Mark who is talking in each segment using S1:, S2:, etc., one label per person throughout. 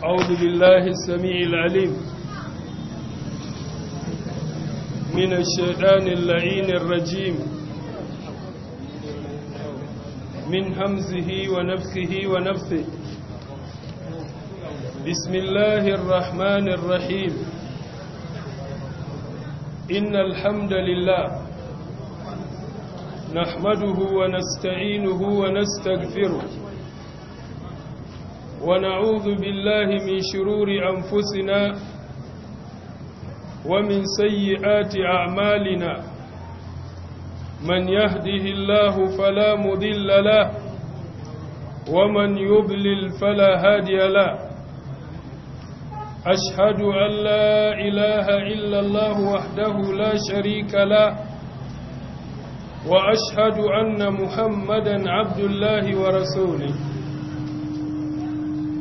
S1: أعوذ بالله السميع العليم من الشيطان اللعين الرجيم من همزه ونفخه ونفثه بسم الله الرحمن الرحيم إن الحمد لله نحمده ونستعينه ونستغفره ونعوذ بالله من شرور أنفسنا ومن سيئات أعمالنا من يهده الله فلا مضل له ومن يضلل فلا هادي له أشهد أن لا إله إلا الله وحده لا شريك له وأشهد أن محمدا عبد الله ورسوله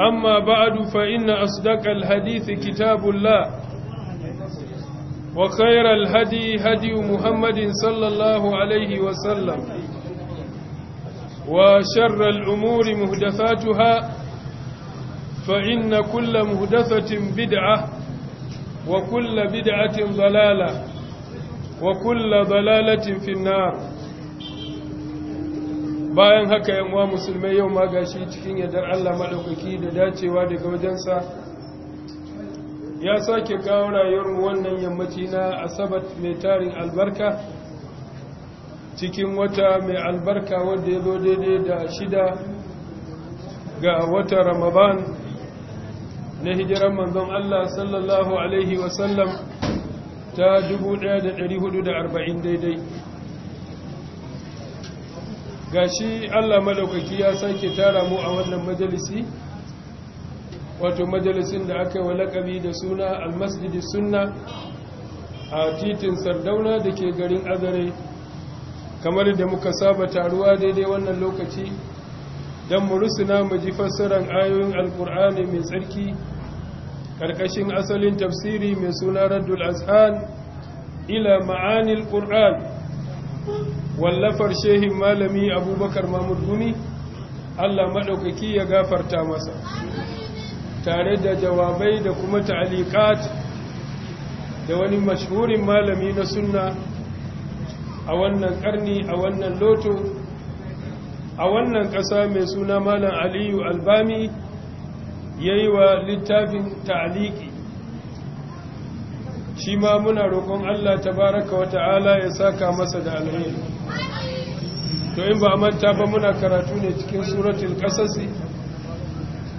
S1: أما بعد فإن أصدق الحديث كتاب الله وخير الهدي هدي محمد صلى الله عليه وسلم وشر الأمور مهدفاتها فإن كل مهدفة بدعة وكل بدعة ضلالة وكل ضلالة في النار bayan haka yanwa musulmai yau ma gashi cikin yadar Allah maɗaukaki da dacewa daga wajen sa ya sake kawo rayuwar wannan yammaci na asabar mai tarin albarka cikin wata mai albarka wadda ya zo daidai da shida ga wata ramaban na hijiran manzon Allah sallallahu alaihi wasallam ta 1440 daidai Ga shi Allah madaukaki ya sake tara mu a wannan majalisi wato majalisin da aka yi wa lakabi da suna almasjidi sunna a titin sardauna da ke garin azare kamar da muka saba taruwa daidai wannan lokaci don mu rusuna mu ji ayoyin alkur'ani mai tsarki ƙarƙashin asalin tafsiri mai suna raddul azhan ila ma'anil ƙur'an. wallafar shehin malami abubakar mahmud gumi allah maɗaukaki ya gafarta masa tare da jawabai da kuma ta'alikat da wani mashhurin malami na sunna a wannan ƙarni a wannan loto a wannan ƙasa mai suna malam aliyu albami ya yi wa littafin ta'aliki shi ma muna roƙon allah tabaraka Wata'ala wata'ala ya saka masa da alheri to in ba manta ba muna karatu ne cikin suratul qasas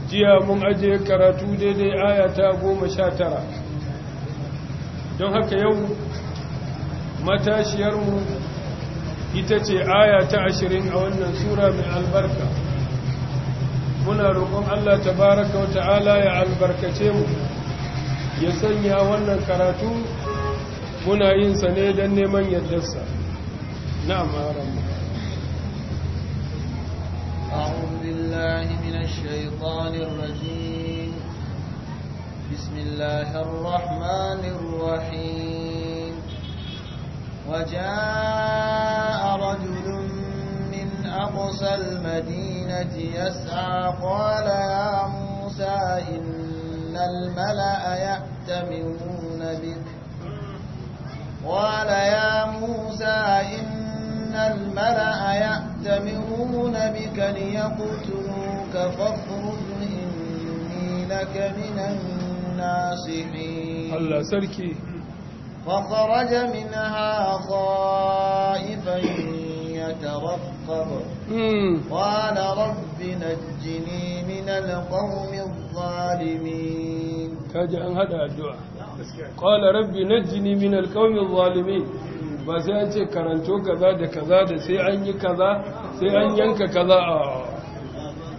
S1: jiya mun aje karatu daidai aya ta 19 don haka yau matashiyar mu ita ce aya ta 20 a wannan sura mai albarka muna roƙon Allah tabaaraka wa ta'ala ya albarkace mu ya sanya wannan karatu muna yin sa ne don neman yardarsa
S2: amara mu أعوذ بالله من الشيطان الرجيم بسم الله الرحمن الرحيم وجاء رجل من أقصى المدينة يسعى قال يا موسى إن الملأ يأتمرون بك قال يا موسى إن أن الملأ يأتمرون بك ليقتلوك فاخرج إني لك من الناصحين الله سركي فخرج منها خائفا يترقب قال رب نجني من القوم الظالمين كاجا أن
S1: هذا الدعاء قال رب نجني من القوم الظالمين ba sai an ce karanto kaza da kaza da sai an yi kaza sai an yanka kaza a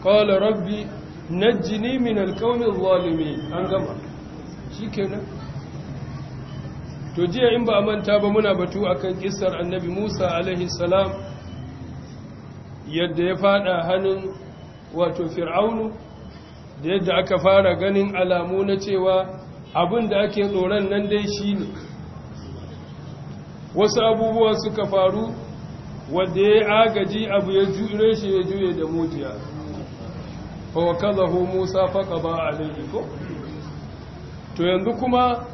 S1: kawai rabbi na jini min alkaunin zalimi an gama shi kenan to jiya in ba a manta ba muna batu akan kisar annabi musa alaihi salam yadda ya fada hannun wato fir'aunu da yadda aka fara ganin alamu na cewa abin da ake tsoron nan dai shi ne wasu abubuwa suka faru wanda ya agaji abu ya jure shi ya juye da mutiya kaza hu musa ba alayhi ko to yanzu kuma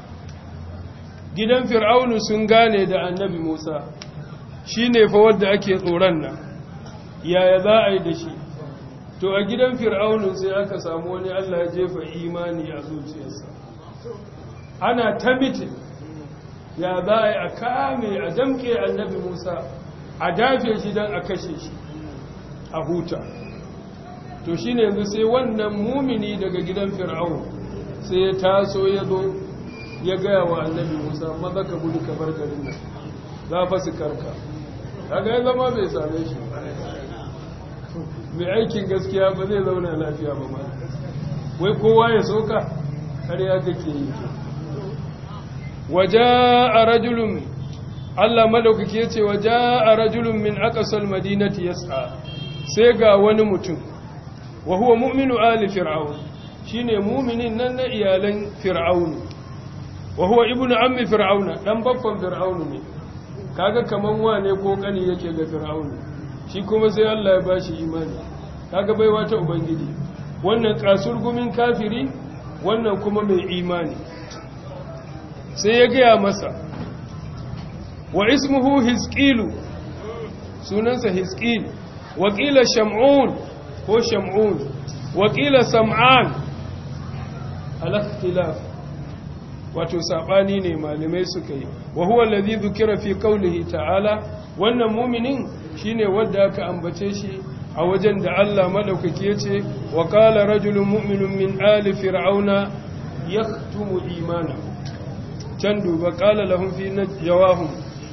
S1: gidan fir'aunu sun gane da annabi musa shine fa wanda ake tsoron nan yaya za a yi da shi to a gidan fir'aunu sai aka samu wani Allah jefa imani a zuciyarsa ana ta mitin ya za a kame a damke annabi musa a dafe shi don a kashe shi a huta to shi ne yanzu sai wannan mumini daga gidan fir'aun sai ya taso ya zo ya gaya wa annabi musa maza ka gudu ka bar garin nan za fa su karka kaga ya zama bai same shi mai aikin gaskiya ba zai zauna lafiya ba ma wai kowa ya soka har ya kake yi a rajulun Allah madaukaki yace a rajulun min aqsal madinati sa sai ga wani mutum wa huwa mu'minu ali fir'aun shine mu'minin nan na iyalan Fir'aunu. wa huwa ibnu ammi Fir'auna ɗan babban Fir'aunu ne kaga kaman wane ko kani yake ga Fir'aunu shi kuma sai Allah ya bashi imani kaga baiwa ta ubangiji wannan kasurgumin kafiri wannan kuma mai imani sai ya gaya masa wa ismuhu hizqilu sunansa hizqil wakila sham'un ko sham'un wakila sam'an al wato sabani ne malamai suka yi wa huwa alladhi dhukira fi qawlihi ta'ala wannan mu'minin shine wanda aka ambace shi a wajen da Allah madaukake ce wa qala rajulun mu'minun min ali fir'auna yaktumu imanahu can duba ƙala lahum fi najwahum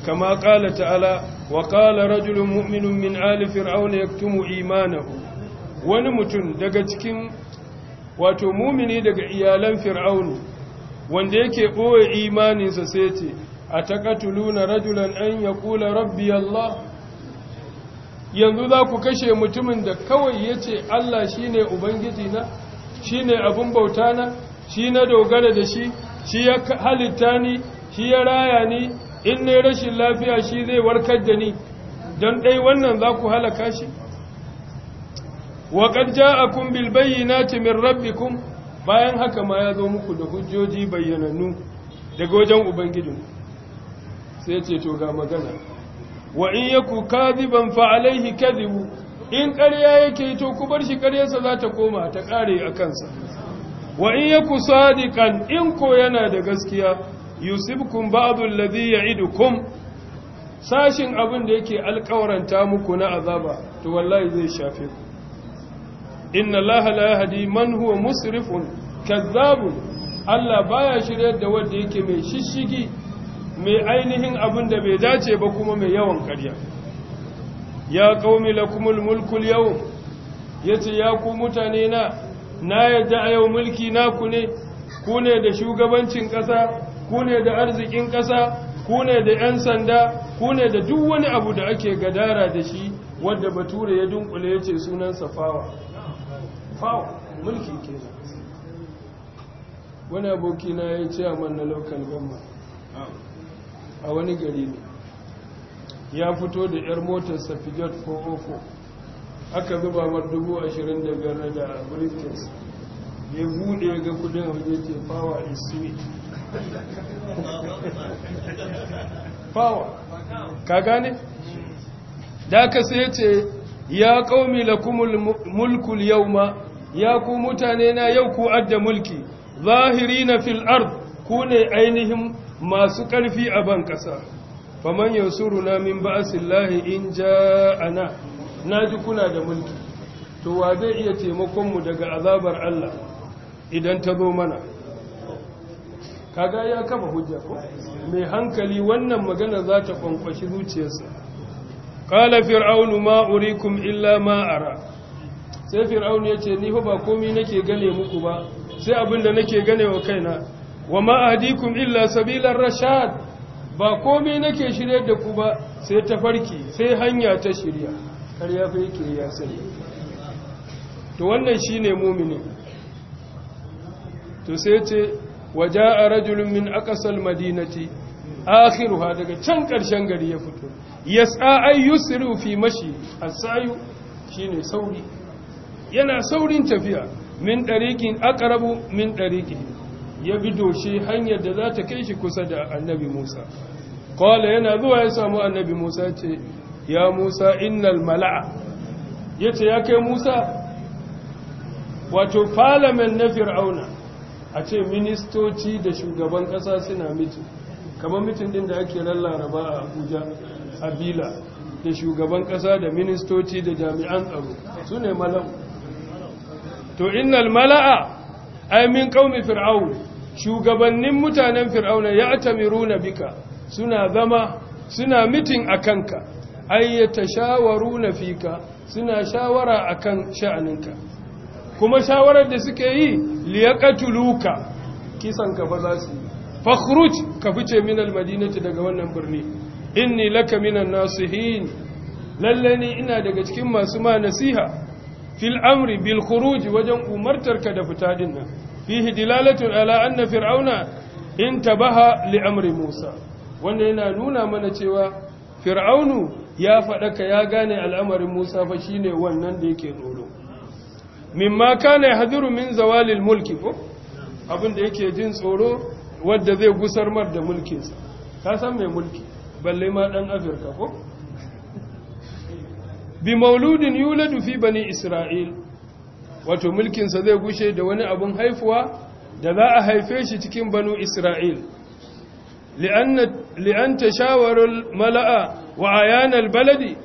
S1: kama ƙala ta'ala wa ƙala rajulun mu'minun min ali fir'auna tumu imanahu wani mutum daga cikin wato mumini daga iyalan fir'aunu wanda yake ɓoye imaninsa sai ce a na rajulan an ya ƙula rabbi allah yanzu za ku kashe mutumin da kawai ya ce Allah shi ne Ubangiji na, shi ne abin bauta na, shi na dogara da shi, shi ya halitta ni shi ya raya ni in ne rashin lafiya shi zai warkar da ni don ɗai wannan za ku halaka shi waƙar ja a ja'akun bilbayi na timin rabbikun bayan haka ma ya zo muku da hujjoji bayyanannu daga wajen ubangijin sai ce to ga magana wa in yaku kaziban fa alaihi kazibu in ƙarya yake to ku bar shi ƙaryarsa za ta koma ta ƙare a kansa wa in yaku sadiqan in ko yana da gaskiya yusibkum ba'd alladhi ya'idukum sashin abin da yake alƙawaranta muku na azaba to wallahi zai shafe ku inna allaha la yahdi man huwa musrifun kazzabun Allah baya shiryar da wanda yake mai shishigi mai ainihin abin da bai dace ba kuma mai yawan ƙarya ya qaumi lakumul mulku al-yawm yace ya ku mutane na na yadda a yau mulki na ku ne ku ne da shugabancin ƙasa ku ne da arzikin ƙasa ku ne da 'yan sanda ku ne da duk wani abu da ake gadara da shi wadda bature ya dunkule ya ce sunansa fawa
S3: fawa mulki ke
S1: wani aboki na ya ce a manna lokal gama a wani gari ne ya fito da 'yar motarsa fiat 404 aka zuba mar dubu ashirin da biyar da briefcase ya buɗe ga kudin waje ce power is sweet power ka gane da aka sai ce ya ƙaumi lakumul mulkul ma ya ku mutane na yau ku adda mulki zahiri na fil ard ku ne ainihin masu ƙarfi a ban ƙasa faman suru na min ba'asillahi in ja'ana na ji kuna da mulki to wa zai iya taimakonmu daga azabar Allah idan ta zo mana kaga ya kafa hujja ko mai hankali wannan magana za ta kwankwashi zuciyarsa ƙala fir'aunu ma urikum illa ma ara sai fir'aunu yace ni fa ba komai nake gane muku ba sai abinda nake gane wa kaina wa ma illa sabilan rashad ba komi nake shirye da ku ba sai ta farki sai hanya ta shirya har ya fi ke ya sani to wannan shi ne mumini to sai ce waje a rajulun min akasal madinati akhiruha daga can ƙarshen gari ya fito ya sa'ai yusru fi mashi a shi shine sauri yana saurin tafiya min ɗarikin akarabu min ɗariki ya bi doshe hanyar da za ta kai shi kusa da annabi musa kawai yana zuwa ya samu annabi musa ce ya musa innal mala'a ya ce ya kai musa wato falamen na fir'auna a ce ministoci da shugaban ƙasa suna mitin kamar mitin din da ake lallaraba a abuja a da shugaban ƙasa da ministoci da jami'an tsaro su ne mala'u to innal mala'a ai min ƙaumi fir'aun shugabannin mutanen fir'auna ya atamiru na bika suna zama suna mitin a kanka ayyata yatashawaruna fika suna shawara akan sha'aninka kuma shawarar da suke yi liyaqatuluka kisan ka fa za su fakhruj ka fice min madinati daga wannan birni inni laka minan nasihin lalle ni ina daga cikin masu ma nasiha fil amri bil khuruj wajen ka da fita din nan fihi dilalatun ala anna fir'auna intabaha li amri musa wannan yana nuna mana cewa fir'aunu ya faɗaka ya gane al'amarin musa fa shine wannan da yake tsoro mimma kana yahzuru min zawalil mulki ko abin da yake jin tsoro wadda zai gusar mar da mulkinsa ka san mai mulki balle ma ɗan afirka ko bi mauludin yuladu fi bani isra'il wato mulkinsa zai gushe da wani abin haifuwa da za a haife shi cikin banu isra'il li'annat li'an tashawarul mala'a wa ayanal baladi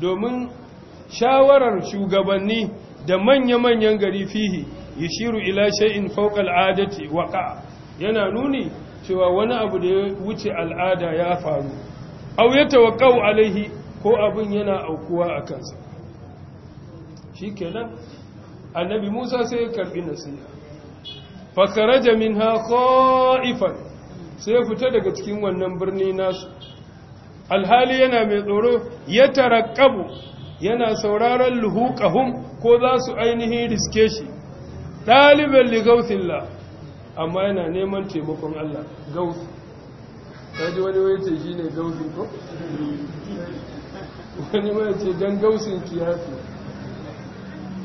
S1: domin shawarar shugabanni da manya-manyan gari fihi yashiru ila shay'in fawqa al'adati waqa yana nuni cewa wani abu da ya wuce al'ada ya faru aw yatawaqqa'u alaihi ko abin yana aukuwa a kansa shikenan annabi Musa sai ya karbi nasiha fa kharaja minha khaifan sai ya fita daga cikin wannan birni nasu alhali yana mai tsoro ya tarakkabu yana sauraron luhuqahum ko za su ainihin riske shi ɗaliban li gautillah amma yana neman taimakon Allah gaut kaji wani wani ce shi ne gautin ko wani wani ce don gausin kiyafi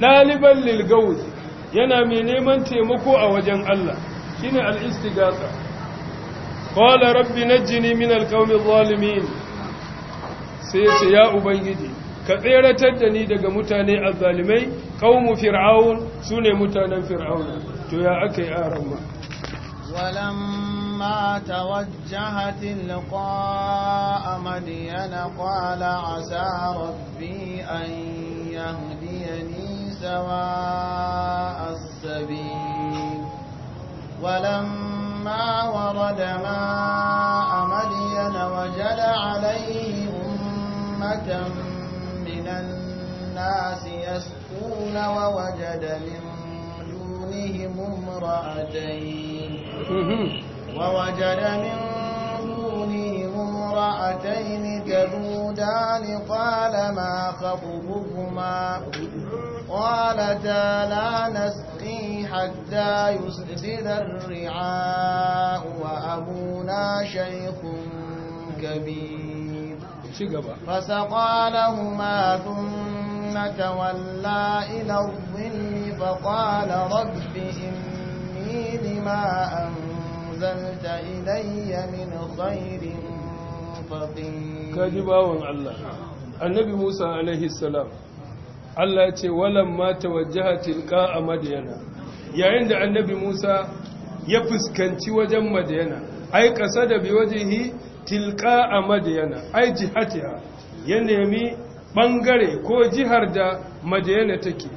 S1: ɗaliban lil yana mai neman taimako a wajen Allah ne al'isti gasa. qala rabbi jini min alqawmi zalimin sai ya ce ya ubangiji ka tseratar da ni daga mutane azzalimai qaumu fir'aun ne mutanen Fir'aun to ya akai ma.
S2: walamma tawajjaha tilqa madiyana a asa rabbi an yahdiyani sawa as-sabil walamma ورد ماء مدين وجل عليه أمة من الناس يسكون ووجد من دونهم امرأتين ووجد من دونهم امرأتين تذودان قال ما خطبهما قالتا لا نسقي حتى يسقد الرعاء وأبونا شيخ كبير فسقى لهما ثم تولى إلى الظل فقال رب إني لما أنزلت إلي من خير فقير كذبا الله
S1: النبي موسى عليه السلام Allah ya ce walan ma tawajjaha a madiyana yayin da annabi Musa ya fuskanci wajen madiyana ai da bi wajhi tilqa a madiyana ai jihatiha ya nemi bangare ko jihar da madiyana take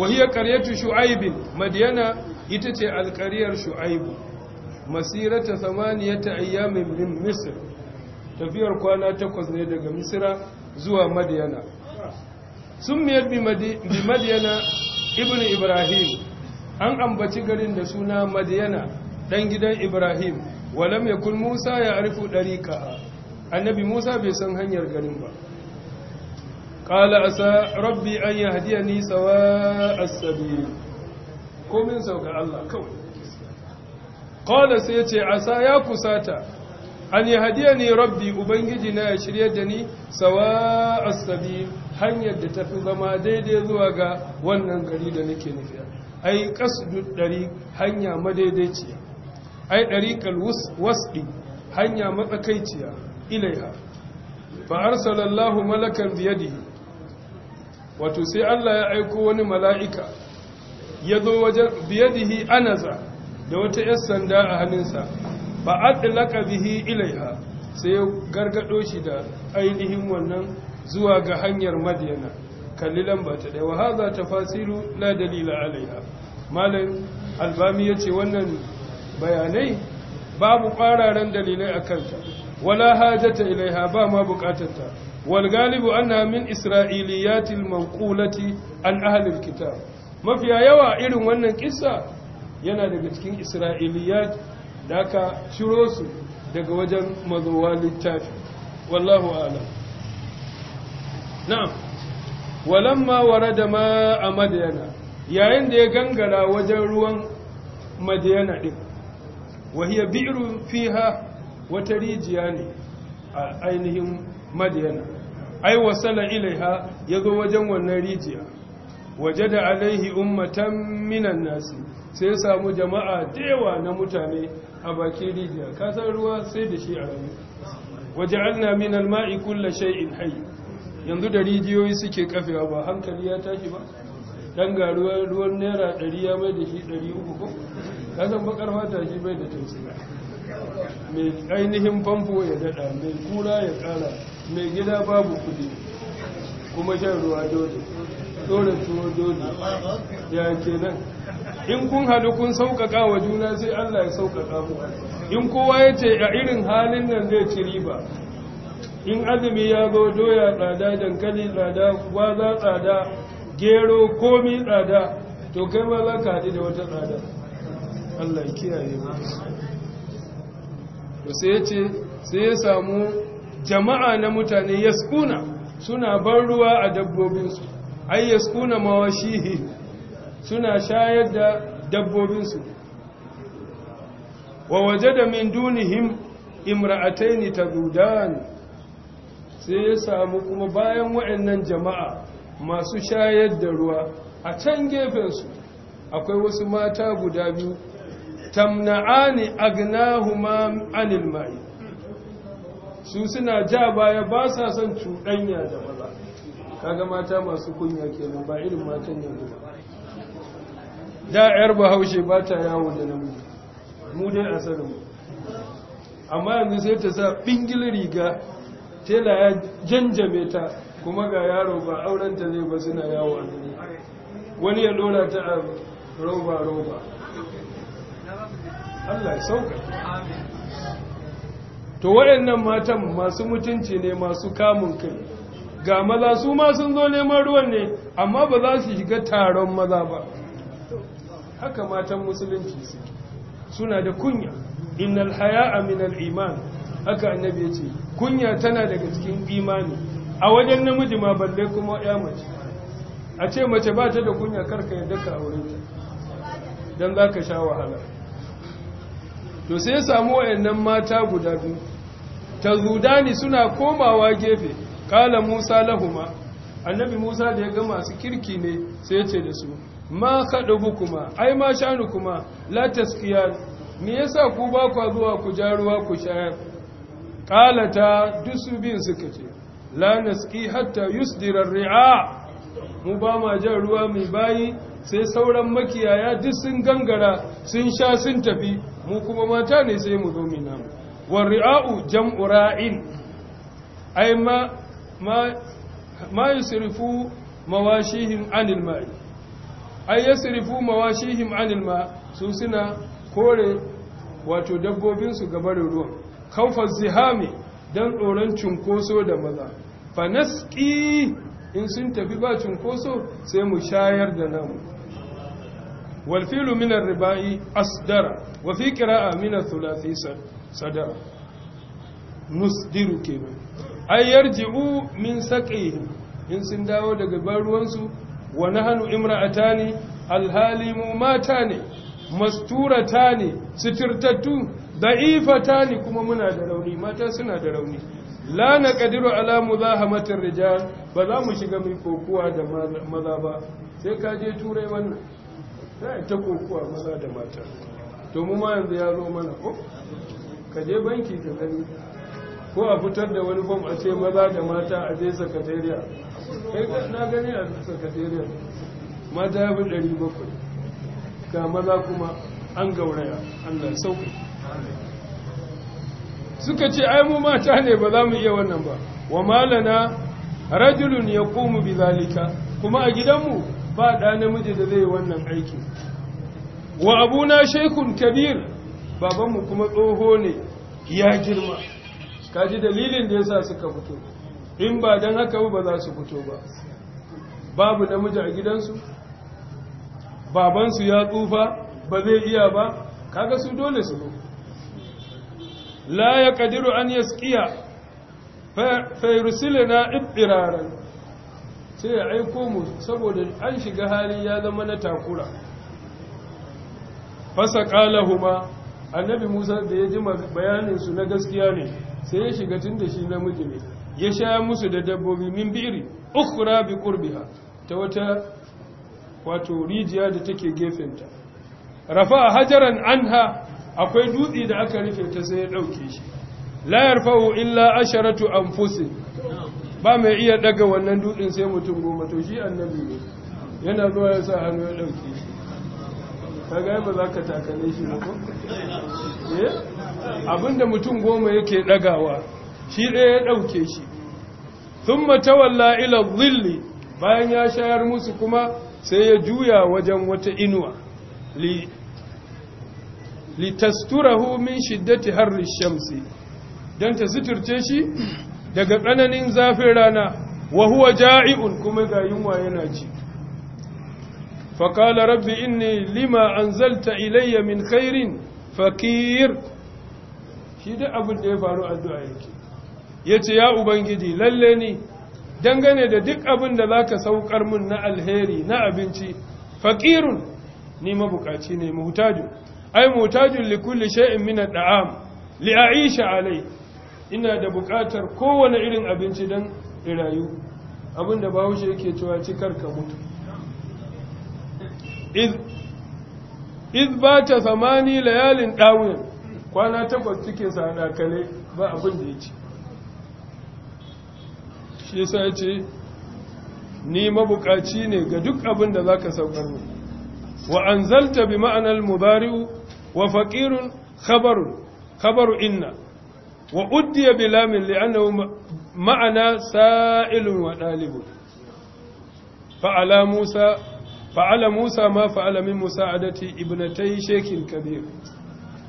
S1: wahiyar karyatu shu'aibin madiyana ita ce alkariyar shu'aibu masirata thamaniyata ayyamin min misir tafiyar kwana takwas ne daga misra zuwa madiyana summiyar bi madiyana ibn ibrahim an ambaci garin da suna madiyana dan gidan ibrahim walam yakun musa ya arifu dariqa annabi musa bai san hanyar garin ba qala asa rabbi an yahdiyani sawa as-sabil komin sauka Allah kawai qala sai ya ce asa ya kusata an yi hadiya ne rabbi ubangiji na ya shirya da ni sawa sabi hanyar da tafi zama daidai zuwa ga wannan gari da nake nufi ai kasu dari hanya madaidaiciya ai dariqal wasdi hanya matsakaiciya ilaiha fa arsalallahu malakan biyadihi wato sai Allah ya aiko wani mala'ika ya zo wajen biyadihi anaza da wata 'yan sanda a hannunsa ba fa adlaka bihi ilaiha sai ya gargado shi da ainihin wannan zuwa ga hanyar madiyana kalli lamba ta ɗaya wa haza tafasiru na dalila alaiha malam albami ya ce wannan bayanai babu ƙwararan dalilai a kanta wala hajata ilaiha ba ma bukatarta wal galibu anna min isra'iliyatil manqulati an ahalin kitab mafiya yawa irin wannan kissa yana daga cikin isra'iliyat da aka ciro su daga wajen mazuwa littafi wallahu alam na'am walamma warada ma a madiyana yayin da ya gangara wajen ruwan madiyana din wahiyar bi'irun fiha wata rijiya ne a ainihin madiyana ai wasala ilaiha ya zo wajen wannan rijiya waje da alaihi ummatan minan nasi sai samu jama'a da na mutane a bakin rijiya ka san ruwa sai da shi a
S3: rayu
S1: na min alma'i shai in hai yanzu da rijiyoyi suke kafewa ba hankali ya tashi ba dan ga ruwan naira 100 ya mai da shi uku ko ka san bakar mata shi bai da tausayi mai ainihin famfo ya daɗa mai kura ya kara mai gida babu kuɗi kuma shan ruwa dole dole tuwo dole ya nan. in kun haɗu kun sauƙaƙa wa juna sai Allah ya sauƙaƙa mu in kowa ya ce a irin halin nan zai ci riba in azumi ya zo doya tsada dankali tsada gwaza tsada gero komi tsada to kai ma za ka haɗu da wata tsada Allah kiyaye mu to sai ya ce sai ya samu jama'a na mutane yaskuna suna ban ruwa a dabbobinsu ai yaskuna mawashihi suna shayar da dabbobinsu wa waje da min dunihim ta ne? sai ya samu kuma bayan waɗannan jama'a masu shayar da ruwa a can gefensu akwai wasu mata guda biyu tamna'ani agnahuma anil ma'i su suna ja baya ba sa son cuɗanya da maza kaga mata masu kunya kenan ba irin matan yanzu da yar bahaushe ba ta yawo da namiji mu dai a mu. amma yanzu sai ta sa bingil riga tela ya janjame ta kuma ga yaro ba aurenta zai ba suna yawo a duniya wani ya lura ta a roba roba
S3: Allah ya sauka
S1: to waɗannan matan masu mutunci ne masu kamun kai ga maza su ma sun zo neman ruwan ne amma ba za su shiga taron maza ba haka matan musulunci su suna da kunya innal haya'a minal iman haka annabi ya ce kunya tana daga cikin imani a wajen namiji ma balle kuma ya mace a ce mace ba ta da kunya karka yadda ka aure ta dan zaka sha wahala to sai samu wayannan mata guda biyu ta zudani suna komawa gefe kala musa lahuma annabi musa da ya ga masu kirki ne sai ya ce da su ma kuma ai ma shanu kuma la taskiya. me yasa ku ba ku zuwa ku jaruwa ku shayar qalata dusu biyun suka ce la naski hatta yusdira ria mu ba ma jan ruwa mai bayi sai sauran makiyaya duk sun gangara sun sha sun tafi mu kuma mata ne sai mu zo mu namu war ri'a'u jam'u ra'in ai ma ma ma yusrifu mawashihin anil ma'i ai yasrifu mawashihim anil ma su suna kore wato dabbobin su ga barin ruwan khawfa zihami dan tsoron cunkoso da maza fa nasqi in sun tafi ba cunkoso sai mu shayar da namu wal filu min ar-riba'i asdara wa fi qira'a min sadara nusdiru min in sun dawo daga ban ruwansu wa nahnu imra'atani alhali mu mata ne masturata ne ne kuma muna da rauni mata suna da rauni la na ƙadiru alamu za rijal ba za mu shiga mai kokuwa da maza ba sai ka je turai wannan sai ta kokuwa maza da mata to mu ma yanzu ya zo mana ko ka je banki ka gani ko a fitar da wani fom a ce maza da mata a je sakatariya kai na gani a sakatariya mata ya fi ɗari bakwai ga maza kuma an gauraya allah sauƙi suka ce ai mu mata ne ba za mu iya wannan ba wa malana rajulun ya komu bi zalika kuma a gidanmu ba ɗa namiji da zai wannan aiki. wa abuna shaikun kabir babanmu kuma tsoho ne ya girma kaji dalilin da yasa suka fito in ba dan haka ba za su fito ba babu namiji a gidansu babansu ya tsufa ba zai iya ba kaga su dole su ba. la ya kadiru an yaskiya fayrusila na sai ya aiko mu saboda an shiga hali ya zama na takura fasa huma annabi musa da ya ji bayaninsu na gaskiya ne sai ya shiga tun da shi namiji ne ya sha musu da dabbobi min biri ukura bi kurbiha ta wata wato rijiya da take gefenta rafa a hajaran anha akwai dutsi da aka rufe ta sai ya dauke shi layar yarfa'u illa asharatu anfusin ba mai iya daga wannan dutsen sai mutum goma to shi annabi ne yana zuwa ya sa hannu ya dauke shi ka gaya ba za ka takale shi ba ko
S3: eh?
S1: abinda mutum goma yake ɗagawa shi ɗaya ya ɗauke shi sun matawalla ila zilli bayan ya shayar musu kuma sai ya juya wajen wata inuwa litasturahu min shiddati harri shamsi Dan ta suturce shi daga tsananin zafin rana wa huwa ja'i'un kuma ga yunwa yana ci فقال رب إني لما أنزلت إلي من خير فكير ya أبو الدفارو الدعاء يتي يا lallai للني dangane da duk abin da za ka saukar mun na alheri na abinci faƙirun ni mabukaci ne muhtajun ai muhtajun li kulli shay'in min at'am li aisha alai ina da buƙatar kowane irin abinci dan rayu abin da bahaushe yake cewa cikar ka mutu iz ba ta samani layalin ɗawin kwana takwas cikin sana ba abin da ya ce shi sa ce ni mabukaci ne ga duk abin da za ka saukar mu wa an zalta bi ma'anar mubari'u wa faƙirun khabaru inna wa uddiya bi lamin ma'ana sa'ilun wa ɗalibun fa'ala musa fa'ala Musa ma fa'ala min musa'adati ibnatai shekin kabir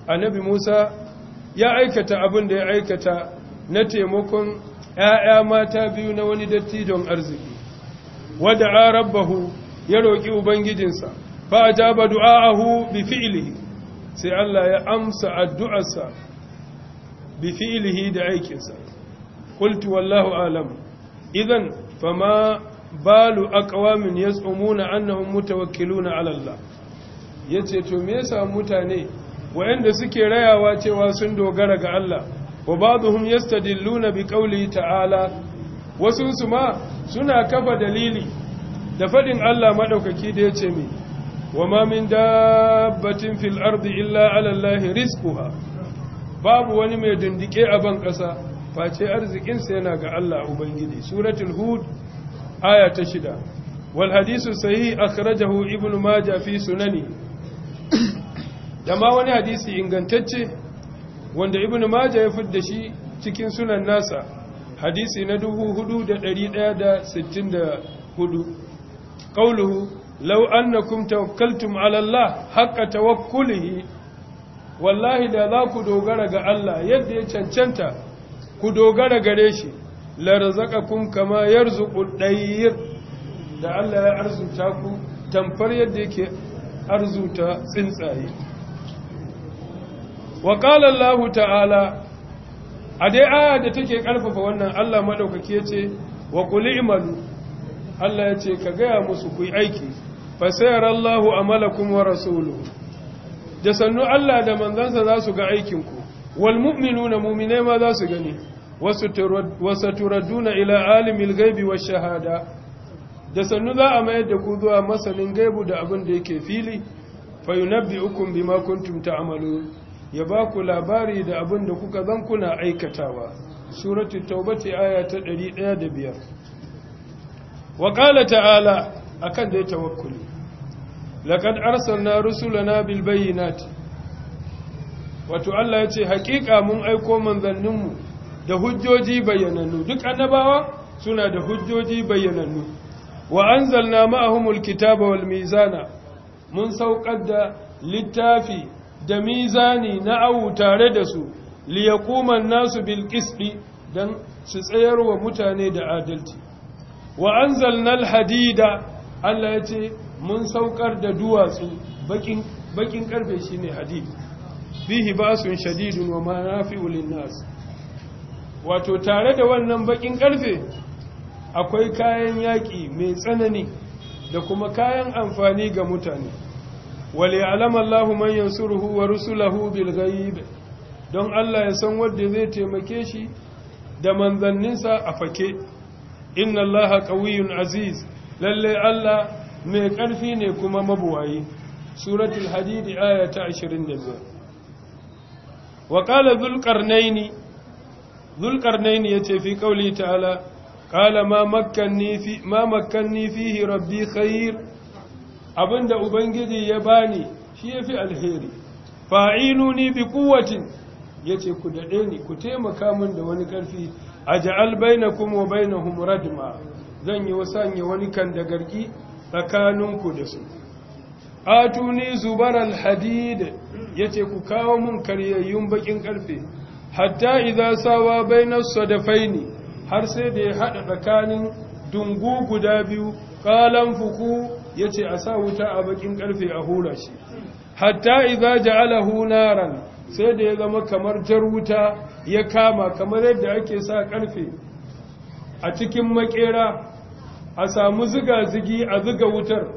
S1: annabi Musa ya aikata abin da ya aikata na taimakon ‘ya'ya mata biyu na wani dattijon arziki wadda a rabbahu ya roƙi ubangijinsa fa ja ba du'a'ahu bi fi'ili sai Allah ya amsa addu'arsa bi fi'ilihi da aikinsa kultu wallahu alam idan fama balu aqwamin yas'umuna annahum mutawakkiluna ala Allah yace to me yasa mutane wayanda suke rayawa cewa sun dogara ga Allah wa ba'dhum yastadilluna ƙauli ta'ala wasu su ma suna kafa dalili da fadin Allah madaukaki da yace me wama min dabbatin fil ardi illa ala Allah rizquha babu wani mai dindike a ban kasa face arzikin sa yana ga Allah ubangiji suratul hud aya ta shida wal hadisu sahih akhrajahu ibnu Maja fi sunani da ma wani hadisi ingantacce wanda ibnu Maja ya da shi cikin sunan nasa hadisi na hudu 4164 qauluhu law annakum tawakkaltum ala allah haqqa tawakkulihi wallahi da za ku dogara ga Allah yadda ya cancanta ku dogara gare shi larzaqakum kama yarzuqu dayr da Allah ya arzuta ku tamfar yadda yake arzuta tsuntsaye wa qala Allah ta'ala a dai aya da take karfafa wannan Allah madaukake yace wa qul imalu Allah yace ka gaya musu ku yi aiki fa sayara Allahu amalakum wa rasuluhu da sannu Allah da manzansa za su ga aikinku wal mu'minuna mu'minai ma za su gani wasu turaduna ila alimil gaibi wa shahada da sannu za a mayar da ku zuwa masanin gaibu da abin da yake fili fayunabbi ukun bima kuntum ta'malun ya ba ku labari da abin da kuka zan kuna aikatawa suratul taubati aya ta 105 wa qala ta'ala akan dai tawakkuli laqad arsalna rusulana bil bayyinati wato Allah ya ce haƙiƙa mun aiko manzanninmu da hujjoji bayyanannu duk annabawa suna da hujjoji bayyanannu wa anzalna ma'ahumul kitaba wal mizana mun saukar da littafi da mizani na awu tare da su liyaquman nasu bil qisti dan su tsayar wa mutane da adalci wa anzalna al hadida Allah ya ce mun saukar da duwatsu bakin bakin karfe shine hadid fihi ba'sun shadidun wa manafi'u lin wato tare da wannan bakin karfe akwai kayan yaƙi mai tsanani da kuma kayan amfani ga mutane wale alamallahu manyan yansuruhu wa rusulahu bil don Allah ya san wanda zai taimake shi da manzanninsa a fake inna allaha qawiyyun aziz lalle Allah mai ƙarfi ne kuma mabuwayi suratul hadid ayata ta 25 wa qala dhul qarnaini zulkarnaini ya ce fi kauli ta'ala kala ma makanni fihi rabbi khair abinda ubangiji ya bani shi ya fi alheri fa'inuni bi kuwacin ya ku daɗe ni ku taimaka min da wani ƙarfi a ja'al bainakum wa bainahum radma zan yi wasanya wani kan da garki tsakaninku da su atuni zubaral hadid yace ku kawo mun karyayyun bakin karfe hatta idza sawa bainas sadafaini har sai da ya haɗa tsakanin dungu guda biyu ƙalan fuku ya ce a sa wuta a bakin ƙarfe a hura shi hatta idza ja'alahu naran sai da ya zama kamar jar wuta ya kama kamar yadda ake sa ƙarfe a cikin makera a samu ziga-zigi a ziga wutar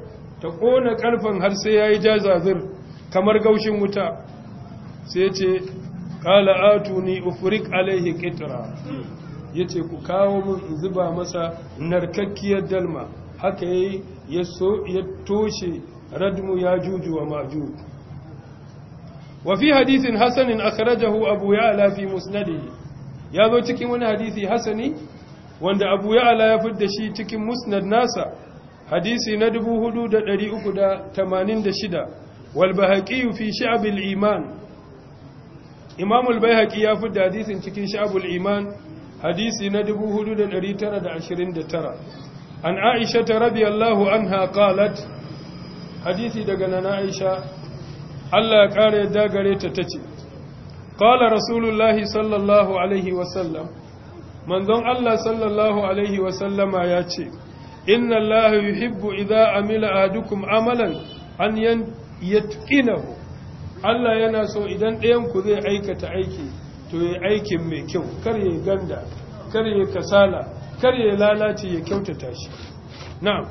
S1: ta ƙona ƙarfen har sai yayi jazazir kamar gaushin wuta sai ce kala atuni ufrik alaihi qitra yace ku kawo mun in zuba masa narkakkiyar dalma haka yayi ya so ya toshe radmu ya juju wa maju wa fi hadithin hasanin akhrajahu abu ya'la fi musnadihi ya zo cikin wani hadisi hasani wanda abu ya'la ya fidda shi cikin musnad nasa hadisi na 4386 wal bahaqi fi sha'b al iman imamul bayhaqi ya fidda hadisin cikin shabul iman hadisi na 4929 an aisha ta rabi radiyallahu anha qalat hadisi daga nana aisha Allah ya kare yadda gare ta tace qala rasulullahi sallallahu alaihi wasallam manzon Allah sallallahu alaihi wasallama ya ce inna Allah yuhibbu idza amila ahadukum amalan an yatqinahu Allah yana so idan ɗayan ku zai aikata aiki to ya aikin mai kyau kar ya ganda kar ya kasala kar ya lalace ya kyautata shi na'am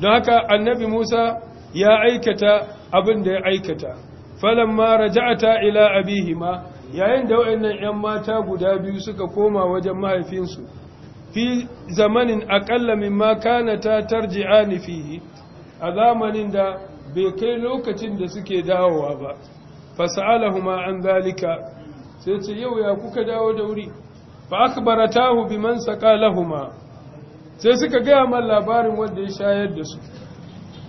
S1: don haka annabi Musa ya aikata abin da ya aikata ma raja'ata ila abihima yayin da wayannan 'yan mata guda biyu suka koma wajen mahaifinsu fi zamanin aqalla ta kanata tarji'ani fihi a zamanin da bai kai lokacin da suke dawowa ba fasa'alahuma an zalika sai ce yau ya kuka dawo da wuri fa akbaratahu biman saqalahuma sai suka ga man labarin wanda ya shayar da su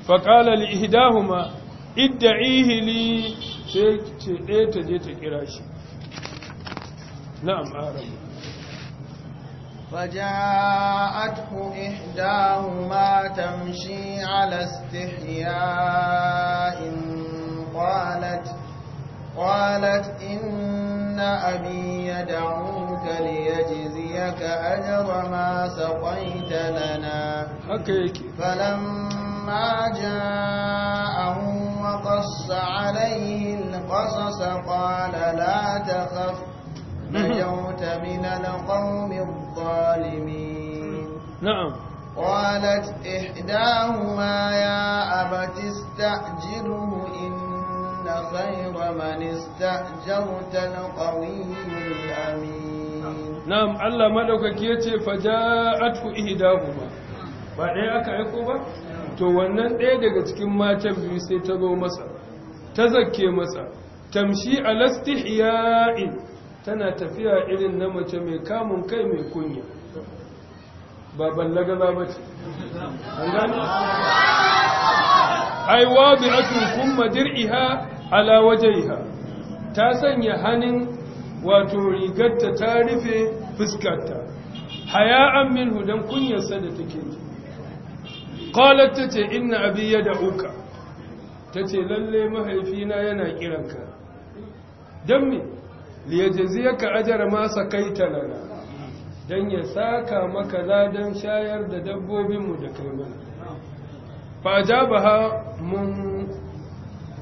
S1: fa qala li ihdahuma idda'ihi li sai ce ɗaya ta je ta kira shi na'am arabu
S2: فجاءته إحداهما تمشي على استحياء قالت قالت إن أبي يدعوك ليجزيك أجر ما سقيت لنا فلما جاءه وقص عليه القصص قال لا تخف نجوت من القوم الظالمين نعم قالت إحداهما يا أبت استأجره إن خير من استأجرت القوي الأمين
S1: نعم ألا ملك كيتي فجاءته إحداهما بعدين
S2: أكا يقوبا
S1: to wannan ɗaya daga cikin matan biyu sai ta zo masa ta zakke masa tamshi alastihiya'in tana tafiya irin na mace mai kamun kai mai kunya ba ballaga ba bace Aiwa gano ai wadi'atun kumma dir'iha ala wajhiha ta sanya hanin wato rigarta ta rufe fuskarta haya'an minhu dan kunyarsa da take ji qalat tace inna abi yad'uka tace lalle mahaifina yana kiranka dan me liyajziyaka ajra ma kai lana don ya saka maka ladan shayar da dabbobinmu da kai mana fa ha mun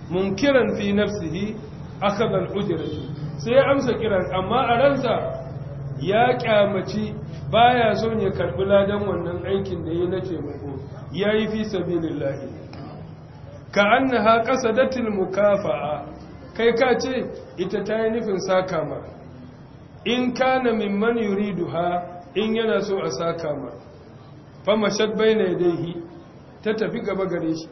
S1: munkiran fi nafsihi akhadha al sai amsa kiran amma a ransa ya kyamaci baya so ya karbi ladan wannan aikin da yi na yi yayi fi sabilillahi ka annaha qasadatil mukafa'a kai ka ce ita ta yi nufin saka ma in na mimman duha in yana so a saka ma fa mashad baina yadayhi ta tafi gaba gare shi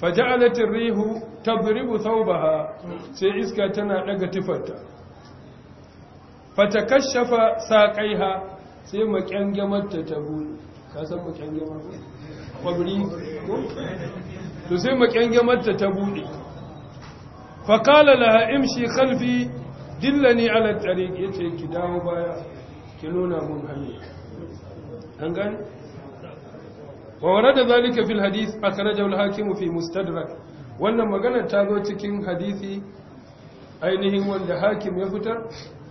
S1: fa ja'alat ar-rihu tadribu baha sai iska tana daga tufarta fa kai ha sai mata ta bude ka san makyangamar kwabri to sai mata ta bude faƙala laha imshi khalfi dillani ala tariq yace ki dawo baya ki nuna mun hanya an gani wa warada zalika fil hadith akhrajahu al-hakim fi mustadrak wannan maganar ta zo cikin hadisi ainihin wanda hakim ya fitar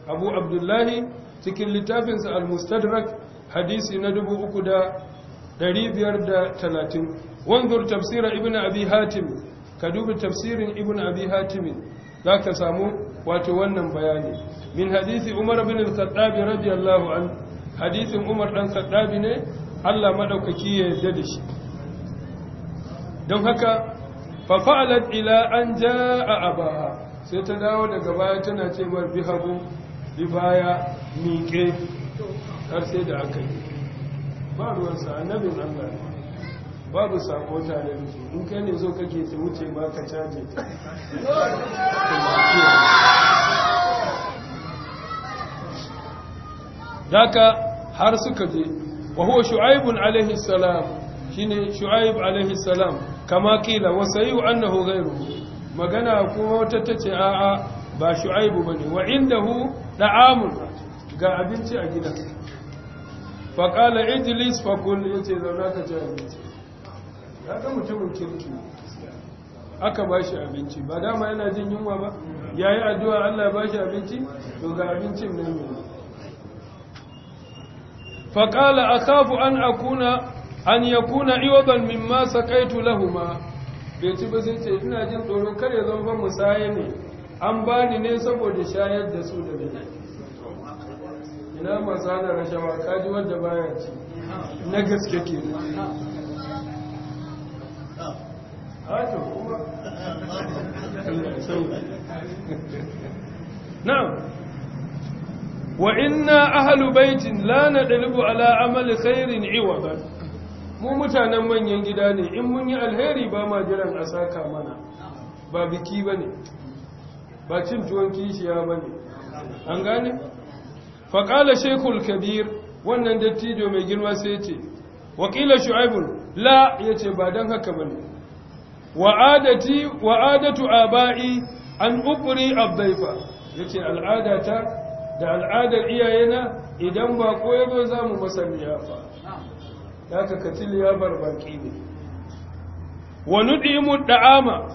S1: abu abdullahi cikin littafinsa al-mustadrak hadisi na 3530 wanzur tafsira ibn abi hatim ka dubi tafsirin ibn abi hatim za ka samu wato wannan bayani min hadisi umar bin al-khattab radiyallahu an hadisin umar dan khattab ne Allah madaukaki ya yarda da shi don haka fa fa'alat ila an jaa abaha sai ta dawo daga baya tana ce bi bihabu bi baya miƙe har sai da aka yi ba ruwan sa annabin Allah ne babu sako tare da su in kai ne zo kake ta wuce ba ka caje ta daga har suka je wa huwa shu'aib alaihi salam shine shu'aib alaihi salam kama kila wa sayu annahu ghayru magana kuma wata tace a a ba shu'aibu bane wa indahu da'am ga abinci a gidan fa qala ijlis fa kul yace zauna ka ci ya ga mutumin kirki aka ba shi abinci ba dama yana jin yunwa ba ya yi addu'a Allah ba shi abinci to ga abincin nan ne faƙala a kafu an akuna an ya kuna min masa saƙaitu lahuma bai ci ba sun ce ina jin tsoron kar ya zama musaye ne an ba ni ne saboda shayar da su da ne ina masu hana rashawa kaji wadda bayan ci na gaske ke na'am wa inna ahlu baitin la nadlubu ala amali khairin mu mutanen manyan gida ne in mun yi alheri ba ma jiran a saka mana ba biki ba ne ba cin tuwon kishiya ba ne an gane? faƙala shekul kabir wannan dattijo mai girma sai ce wakila Shu'aibu la ya ce ba don haka ba ne wa'adati wa'adatu ba'i an ufuri abdaifa yace al'adata da al'adar iyayena idan ba ko yazo zamu masa liyafa haka katil ya barbaki ne wa nud'imu ɗa'ama.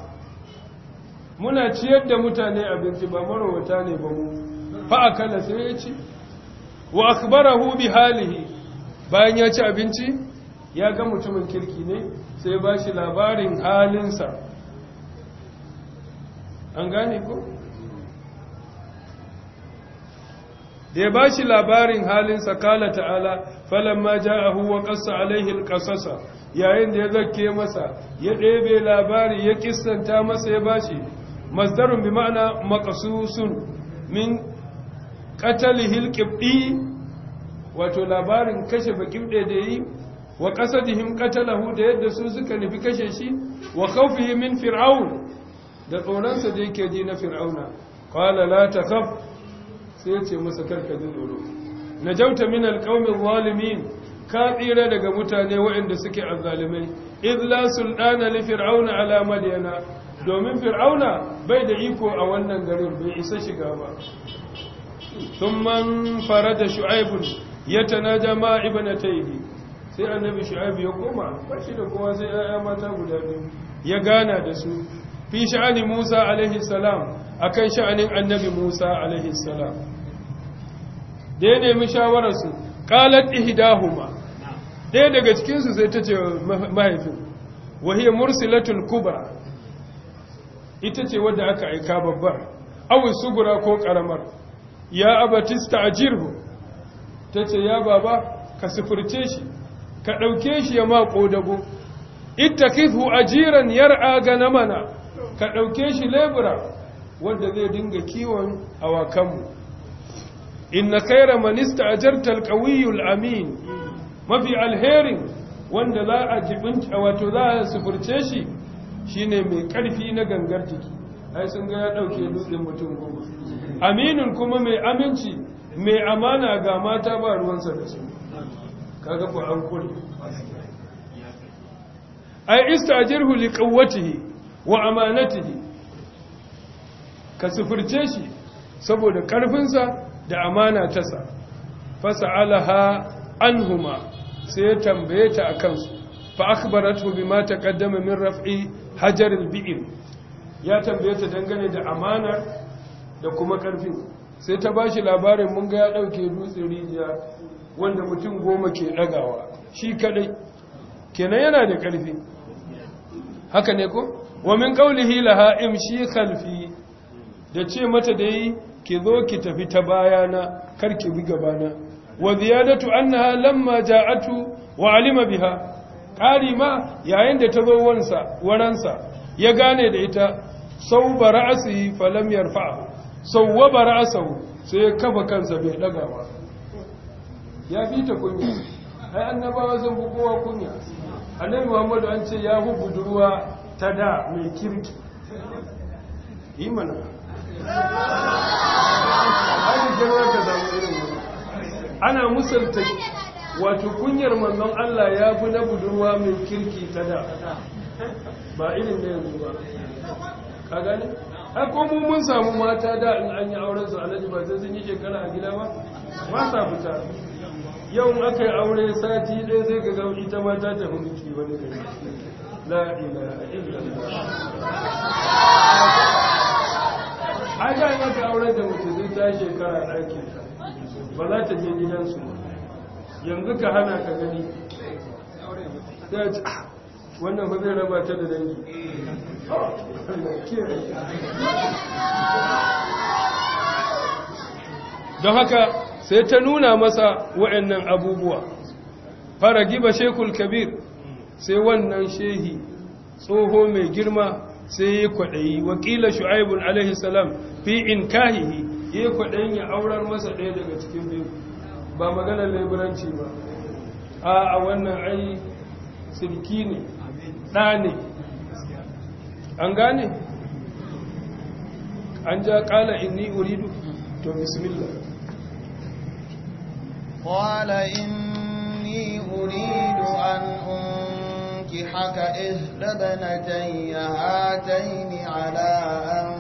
S1: muna ciyar da mutane abinci ba marowata ne ba mu fa kala sai ya ci wa akhbarahu bi halihi bayan ya ci abinci ya ga mutumin kirki ne sai ba shi labarin halinsa an gane ko? da ya ba shi labarin halinsa kala ta'ala falamma a huwa ƙasa alaihi alqasasa yayin da ya zarke masa ya ɗebe labari ya kisanta masa ya bashi masdarin bi ma'ana makasusun min qatalihi alqibdi wato labarin kashe bakibde da yi wa qasadihim qatalahu da yadda su suka nufi kashe shi wa khawfihi min fir'aun da tsoronsa da yake ji na fir'auna qala la takhaf sai ce masa karka ji tsoro najauta min alqawmi zalimin ka tsira daga mutane waɗanda suke azzalimai idh sultana li fir'auna ala madyana domin fir'auna bai da iko a wannan garin bai isa shiga ba thumma farada shu'aib yatanaja ma ibnatayhi sai annabi shu'aib ya koma bashi da kowa sai ƴaƴa mata guda biyu ya gana da su fi sha'ani Musa alaihi salam akan sha'anin annabi Musa alaihi salam da ya nemi shawarar su qalat ihdahuma dai daga cikin su sai tace mahaifin wa hiya mursilatul kubra ita ce wadda aka aika babbar aw sugura ko karamar ya abatista ajirhu tace ya baba ka sifurce shi ka ɗauke shi ya maƙo dago ittakifu ajiran yar'a mana. ka ɗauke shi lebura wanda zai dinga kiwon awakanmu inna khaira man jartar al amin mafi alherin wanda za a jibinta wato za a sufurce shi shine mai ƙarfi na gangar jiki ai sun ga ya ɗauke dutsen mutum goma aminin kuma mai aminci mai amana ga mata ba ruwansa da su kaga ai istajirhu li qawwatihi wa amanatihi ka shi saboda ƙarfinsa da amana ta sa fasalaha anhuma sai ya tambaye ta akan su fa akhbaratu bima taqaddama min raf'i hajar al-bi'r ya tambaye ta dangane da amanar da kuma karfin sai ta bashi labarin mun ga ya dauke dutsen rijiya wanda mutum goma ke ɗagawa shi kaɗai kenan yana da ƙarfi haka ne ko wa min qawlihi laha shi da ce mata da yi ke zo ki tafi ta bayana kar ki bi gabana wa ziyadatu annaha lamma ja'atu wa alima biha ƙari ma yayin da ta zo wansa waransa ya gane da ita sau sauba ra'asi falam yarfa sauwa ra'asau sai ya kafa kansa bai ɗagawa ya fi ta kunya ai annabawa zan fi kowa kunya annabi muhammadu an ce ya fi budurwa ta da mai kirki imana ana musulta wato kunyar mannan Allah ya fi na budurwa mai kirki ta da ba irin da yanzu ba ka gani ai ko mun samu mata da in an yi auren su a ba sai sun yi shekara a gida ba ba sa fita yau aka yi aure sati ɗaya sai ka ga ita ma ta tafi miki wani gari la
S3: ilaha illallah ai yi
S1: maka aure da mutu sai ta shekara ɗakin ba za ta je gidansu yanzu ka hana ka gani ah, wannan ba zai raba ta da dangi don haka sai ta nuna masa wa'annan abubuwa giba shekul kabir sai wannan shehi tsoho mai girma sai yi kwaɗayi wakila shu'aibun alaihi salam fi in kahihi yi kwaɗayin ya aurar masa ɗaya daga cikin biyu ba maganar laiburanci ba a wannan ai sirki ne ɗa ne an gane an ja ƙala inni uridu to bismillah
S2: قال إني أريد أن أنكحك إحدى ابنتي هاتين على أن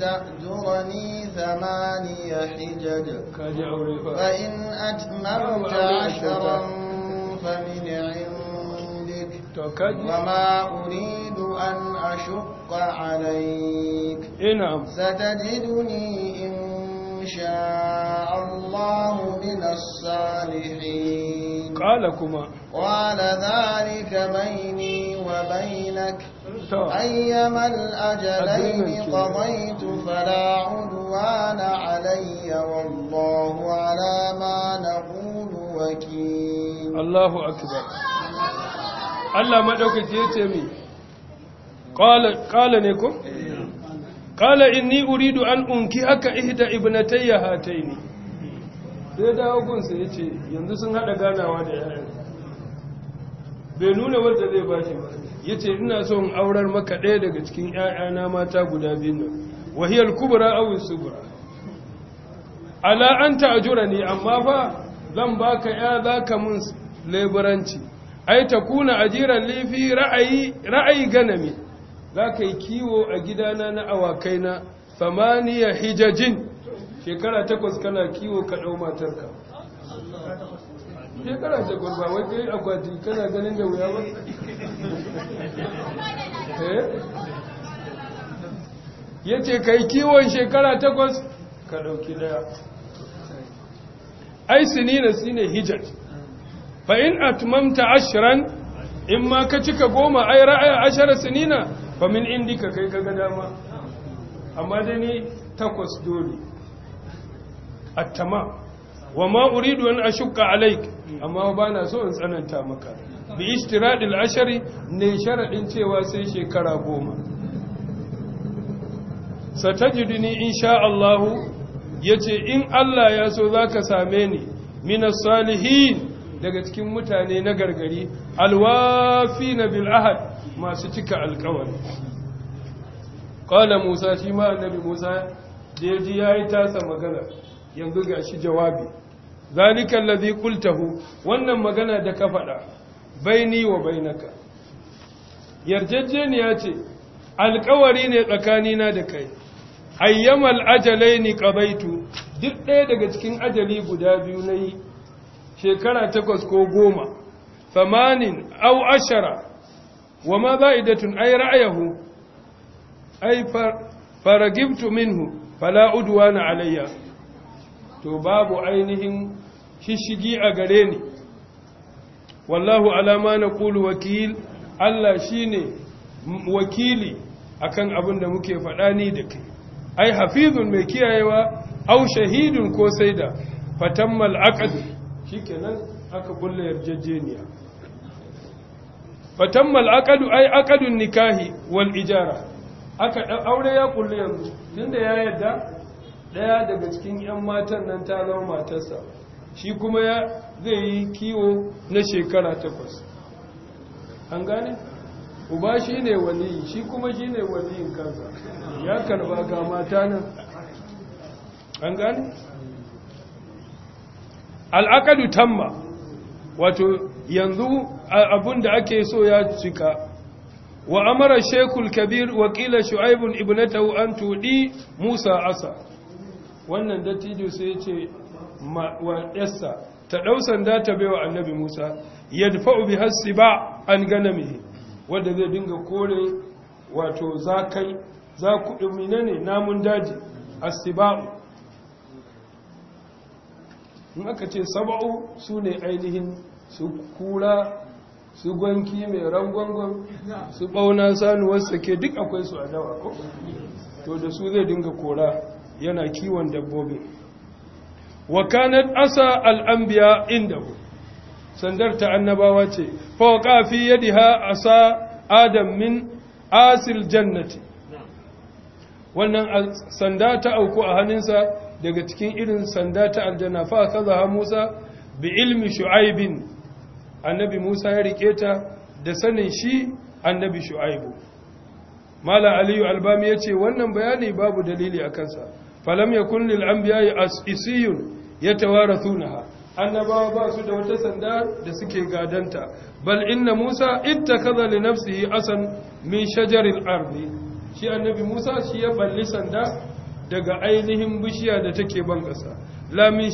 S2: تأجرني ثماني حجج فإن أتممت عشرا فمن عندك وما أريد أن أشق عليك ستجدني إن شاء الله من الصالحين
S1: قال كما قال ذلك
S2: بيني وبينك أيما الأجلين قضيت فلا عدوان علي والله على ما نقول وكيل الله أكبر الله ما دوك تيتمي
S1: قال قال نيكم قال إني أريد أن أنكئك إحدى ابنتي هاتين sai dawo gunsa ya ce yanzu sun haɗa ganawa da yaran bai nuna wadda zai bashi ba ya ce ina son in aurar maka ɗaya daga cikin ‘ya'yana mata guda biyu nan wahiyar kubura awin subura ala an ta'ajura ne amma fa zan baka ‘ya za ka mun leburanci ai ta kuna a jiran laifi ra'ayi ganami za ka yi kiwo a gidana na awakaina samaniya hijajin shekara takwas kana kiwo ka ɗau matarka
S3: shekara takwas ba wai kai akwati
S1: kana ganin da wuya ba eh? ya ce ka yi kiwon shekara takwas ka ɗauki daya ai sinina su ne in a atmamta ashiran in ma ka cika goma ai ra'ayar ashirar sinina fa min indi ka kai ka ga dama amma dai ni takwas dole attama wa ma uridu an ashukka alaik amma ba na so in tsananta maka bi istiradil ashari ne sharadin cewa sai shekara goma satajiduni insha Allah yace in Allah ya so zaka same ni minas salihin daga cikin mutane na gargari alwafina bil ahad masu cika alkawari qala musa shi ma annabi musa da ya yayi tasa magana yanzu ga shi jawabi zalikan allazi qultahu wannan magana da ka faɗa baini wa bainaka ya ce alƙawari ne tsakanina da kai ayyamal ajalaini qabaitu duk ɗaya daga cikin ajali guda biyu nayi shekara takwas ko goma famanin au ashara wa ma ba'idatun ay ra'ayahu ay faragibtu minhu fala udwana alayya to babu ainihin shishigi a gare ni wallahu alama na kulu wakil Allah shi ne wakili akan abin da muke faɗa ni da kai ai hafizun mai kiyayewa au shahidun ko sai da fatan fatammal shi kenan aka kulle yarjejeniya Fatan malakadu ai akadun nikahi wal ijara aka aure ya kulle yanzu tunda ya yadda daya daga cikin 'yan matan nan ta zama matarsa shi kuma ya zai yi kiwo na shekara takwas an gane? uba shi ne waliyi shi kuma shi ne waliyin kansa ya karba ga mata nan an gane? al'akadu tamma wato yanzu abun da ake so ya cika wa amara shekul kabir wakila shu'aibun ibnatahu an tudi musa asa wannan dattijo sai ce wa yassa ta ɗau sanda ta baiwa annabi musa ya dafa'u bi hassi ba an gana mai wadda zai dinga kore wato zakai za ku ɗumina ne namun daji asiba'u in aka ce saba'u su ne ainihin su kura su gwanki mai rangwangon su ɓauna sanuwar sake duk akwai su a dawa to da su zai dinga kora yana kiwon dabbobi wa kanat asa al'ambiya inda sandar ta annabawa ce fawaka fi yadiha asa adam min asir jannati wannan sanda ta auku a hannunsa daga cikin irin sanda ta aljanna fa kaza musa bi ilmi shu'aibin annabi musa ya rike ta da sanin shi annabi shu'aibu mala aliyu albami ya ce wannan bayani babu dalili a kansa falam yakun lil ya asisiyun yatawarathunaha annabawa ba su da wata sanda da suke gadanta bal inna Musa ittakaza li nafsihi asan min shajaril ardi shi annabi Musa shi ya balli sanda daga ainihin bishiya da take ban kasa la min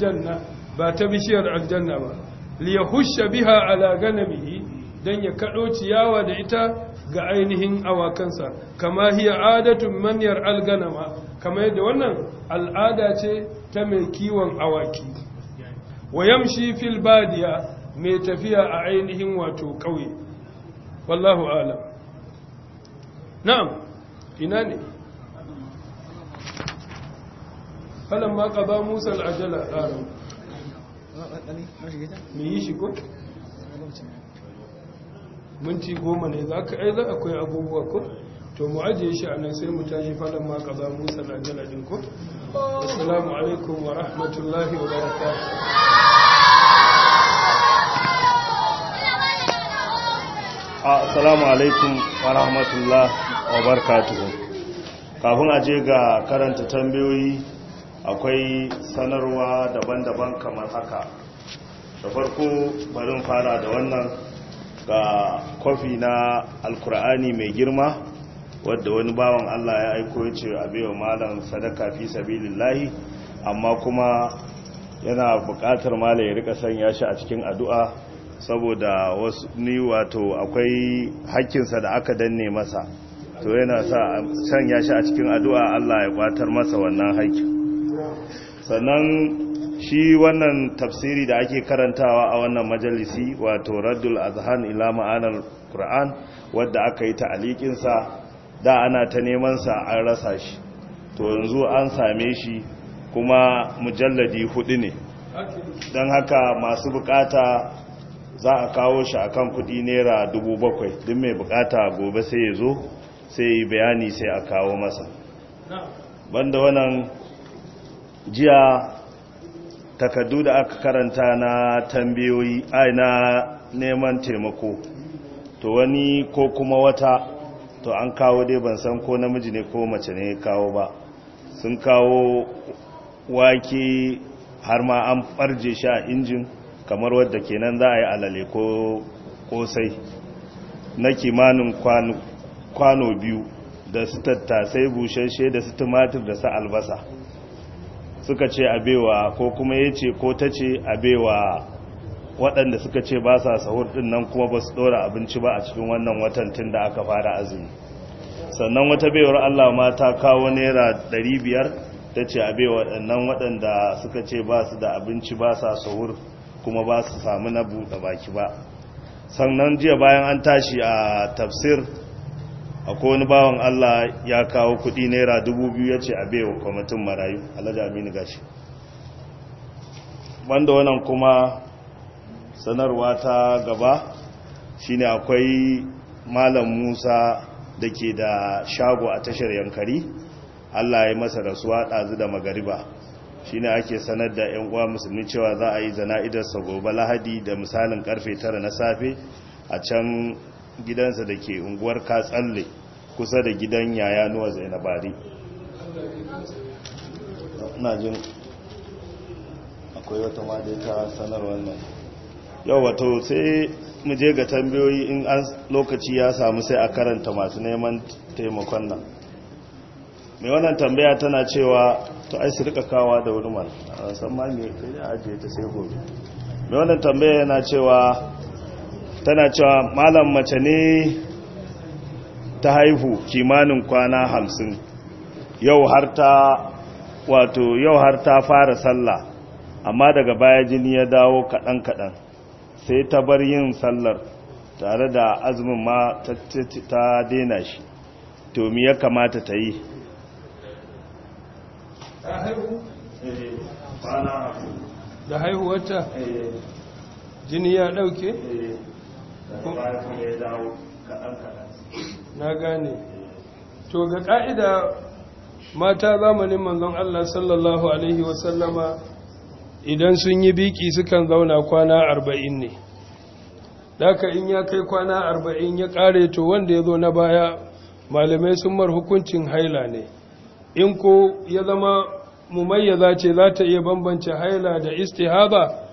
S1: janna ba ta bishiyar aljanna ba li yahusha biha ala ganamihi dan ya kado ciyawa da ita ga ainihin awakansa kama hiya adatun manyar alganama kama yadda wannan al'ada ce ta mai kiwon awaki wa yamshi fil badiya mai tafiya a ainihin wato ƙauye wallahu alam na'am ina ne falon ma ba musa al'ajala mai yi shi ko? minti goma ne za ka aiza akwai abubuwa ko to mu ajiye shi a nan sai mu tashi falon ma kaza musa na jaladin ko assalamu alaikum wa rahmatullahi wa barakatuh
S4: ah, assalamu alaikum wa rahmatullahi wa barakatuh kafin a je ga karanta tambayoyi akwai sanarwa daban-daban kamar haka da farko barin fara da wannan ga kwafi na alkur'ani mai girma wadda wani bawan Allah ya aiko ya ce a baiwa malam sadaka fi sabilillahi amma kuma yana bukatar malam ya rika sanya shi a cikin addu'a saboda wasu ni wato akwai hakkinsa da aka danne masa to yana sa sanya shi a cikin addu'a Allah ya kwatar masa wannan hakkin sannan shi wannan tafsiri da ake karantawa a wannan majalisi wato raddul azhan ila ma'anar qur'an wanda aka yi sa da ana ta neman sa an rasa shi to yanzu an same shi kuma mujalladi hudu ne dan haka masu bukata za a kawo shi akan kudi naira dubu bakwai duk mai bukata gobe sai ya zo sai bayani sai a kawo masa banda wannan jiya takaddu da aka karanta na tambayoyi ai na neman taimako to wani ko kuma wata to an kawo dai ban san ko namiji ne ko mace ne kawo ba sun kawo wake har ma an farje shi a injin kamar wadda kenan za a yi alale ko kosai na kimanin kwano biyu da su tattasai bushashe da su tumatir da su albasa suka ce a baiwa ko kuma ya ce ko ta ce a baiwa waɗanda suka ce ba sa sahur ɗin nan kuma ba su ɗora abinci ba a cikin wannan watan tun da aka fara azumi sannan wata baiwar allah ma ta kawo naira ɗari biyar ta ce a baiwa waɗannan waɗanda suka ce ba su da abinci ba sa sahur kuma ba su samu na buɗe baki ba sannan jiya bayan an tashi a tafsir akwai wani bawan Allah ya kawo kudi naira dubu biyu ya ce a bewa kwamitin marayu alhaji aminu gashi Wanda wannan kuma sanarwa ta gaba shine akwai malam musa da ke da shago a tashar yankari Allah ya yi masa rasuwa ɗazu da magariba shi ne ake sanar da 'yan uwa musulmi cewa za a yi idarsa gobe lahadi da misalin karfe tara na safe a can gidansa da ke unguwar katsalle kusa da gidan yaya nuwa zai na bari jin akwai wata wadai ta sanar wannan yau wato sai mu je ga tambayoyi in an lokaci ya samu sai a karanta masu neman taimakon nan mai wannan tambaya tana cewa to ai su rika kawa da wurman a san ma me kai ajiye ta sai gobe mai wannan tambaya yana cewa tana cewa malam mace ne ta haihu kimanin kwana hamsin yau har ta wato yau har ta fara sallah amma daga baya jini ya dawo kaɗan-kaɗan sai ta bar yin sallar tare da azumin ma ta daina shi to mi ya kamata ta yi
S1: eh, da haihuwarta eh. jini ya ɗauke? Eh. na gane to ga ƙa'ida mata zamanin manzon Allah sallallahu Alaihi wasallama idan sun yi biki sukan zauna kwana arba'in ne daka in ya kai kwana arba'in ya ƙare to wanda ya zo na baya malamai sun mar hukuncin haila ne in ko ya zama mumayyaza ce za ta iya bambance haila da istihaba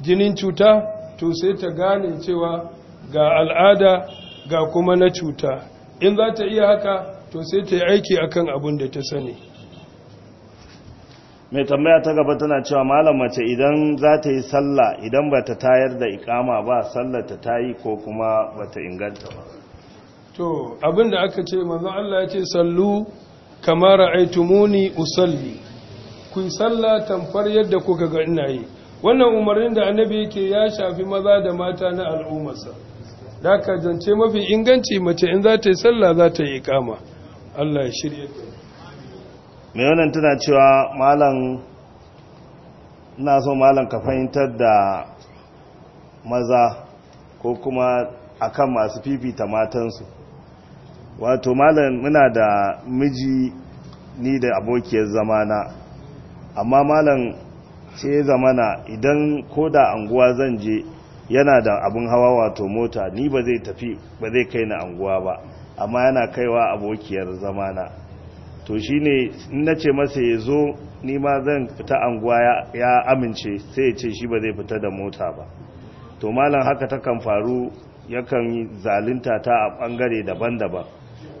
S1: jinin cuta to sai ta gane cewa ga al'ada ga kuma na cuta in za ta iya haka to sai ta yi aiki akan abin da ta sani
S4: mai tambaya ta gaba tana cewa malam mace idan za ta yi sallah idan ba ta tayar da ikama ba sallar ta tayi ko kuma ba ta inganta ba
S1: to abin da aka ce manzo Allah ya ce sallu kamara aitumuni usalli ku yi sallah tamfar yadda kuka ga ina yi wannan umarnin da annabi yake ya shafi maza da mata na al'ummarsa da ka zance mafi inganci mace in za ta yi sallah za ta yi kama. Allah ya shirya
S4: mai wannan tana cewa malam na so malam ka fahimtar da maza ko kuma akan masu fifita matansu wato malam muna da miji ni da abokiyar zamana amma malam ce zamana idan ko da anguwa zan je yana da abin hawa wato mota ni ba zai tafi ba zai kai na anguwa ba amma yana kaiwa abokiyar zamana to shi ne na ce masa ya zo ni ma zan fita anguwa ya amince sai ya ce shi ba zai fita da mota ba to malam haka takan faru yakan zalunta ta a bangare daban-daban